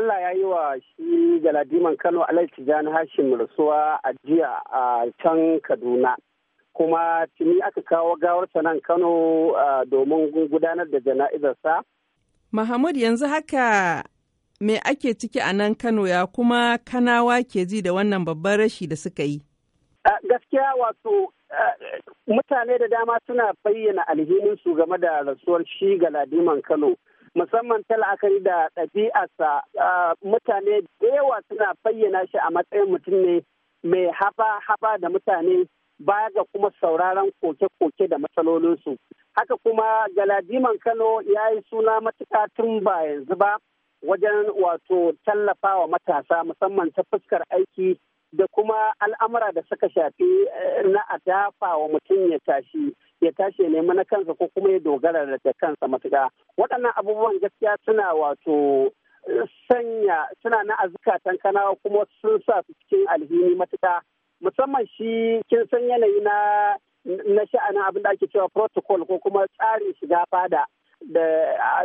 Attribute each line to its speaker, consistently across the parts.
Speaker 1: Allah ya yi wa shi galadiman Kano Alhaji Hashim rasuwa a jiya a can Kaduna. Kuma tuni aka kawo gawarsa nan Kano domin gudanar da jana'izarsa.
Speaker 2: Mahmud yanzu haka me ake ciki a nan Kano ya kuma kanawa ke ji da wannan babban rashi da suka yi?
Speaker 1: Gaskiya wato mutane da dama suna bayyana su game da rasuwar shi galadiman Kano. musamman ta la'akari da ɗabi'arsa mutane da yawa suna bayyana shi a matsayin mutum ne mai haba-haba da mutane baya ga kuma sauraron koke-koke da matsalolinsu. Haka kuma Galadiman Kano ya yi suna matuka tun ba yanzu ba wajen wato tallafa wa matasa musamman ta fuskar aiki da kuma al'amura da suka shafi eh, na a dafa wa mutum ya tashi ya tashi nema na kansa ko kuma ya dogara da kansa matuƙa waɗannan abubuwan gaskiya suna wato eh, sanya suna na azukatan kana kuma sun sa su cikin alhini matuƙa musamman shi kin san yanayi na na sha'anin abin da ake cewa protocol ko kuma tsarin shiga fada da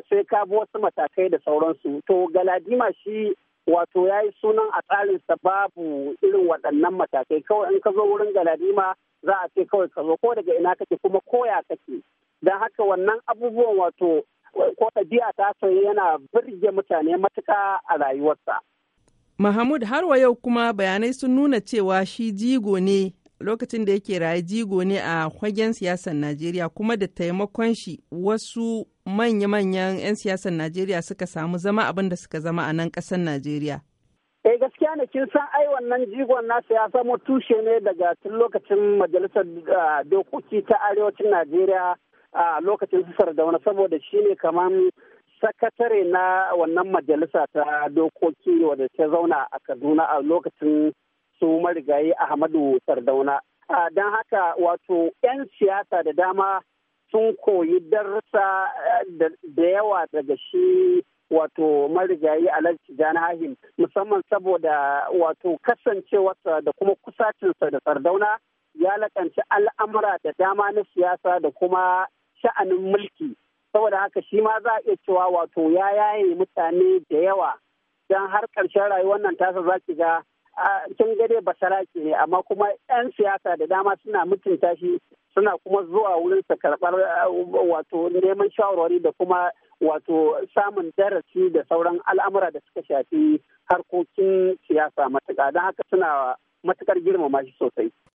Speaker 1: sai ka bi wasu matakai da sauransu to galadima shi wato ya yi sunan a tsarinsa babu irin waɗannan matakai kawai in ka zo wurin galadima za a ce kawai ka zo ko daga ina kake kuma koya kake don haka wannan abubuwan wato ko ɗabi'a ta soyayya yana birge mutane matuka a rayuwarsa.
Speaker 2: Mahamud har wa yau kuma bayanai sun nuna cewa shi jigo ne lokacin da yake raye jigo ne a kwagen siyasar Najeriya kuma da taimakon shi wasu manya-manyan 'yan siyasar Najeriya suka samu zama abin da suka zama a nan ƙasar Najeriya.
Speaker 1: Eh gaskiya ne kin san ai wannan jigon nasa ya samo tushe ne daga tun lokacin majalisar ah, dokoki ta arewacin Najeriya a ah, lokacin su sardauna saboda shi ne kamar sakatare na wannan majalisa ta dokoki wadda ta zauna a Kaduna a lokacin su marigayi Ahmadu Sardauna. Don haka wato 'yan siyasa da dama sun koyi darsa eh, da yawa daga shi wato marigayi alhaji jana hahim musamman saboda wato kasancewarsa da kuma kusacinsa da sardauna ya lakanci al'amura da dama na siyasa da kuma sha'anin mulki saboda haka shi ma za a iya cewa wato ya yaye mutane da yawa don har ƙarshen rayuwar nan tasa za ki ga kin gare basaraki ne amma kuma 'yan siyasa da dama suna mutunta shi suna kuma zuwa wurinsa karɓar uh, wato neman shawarwari da kuma wato samun darasi da sauran al'amura da suka shafi harkokin siyasa matuƙa don haka suna matuƙar girmama shi sosai.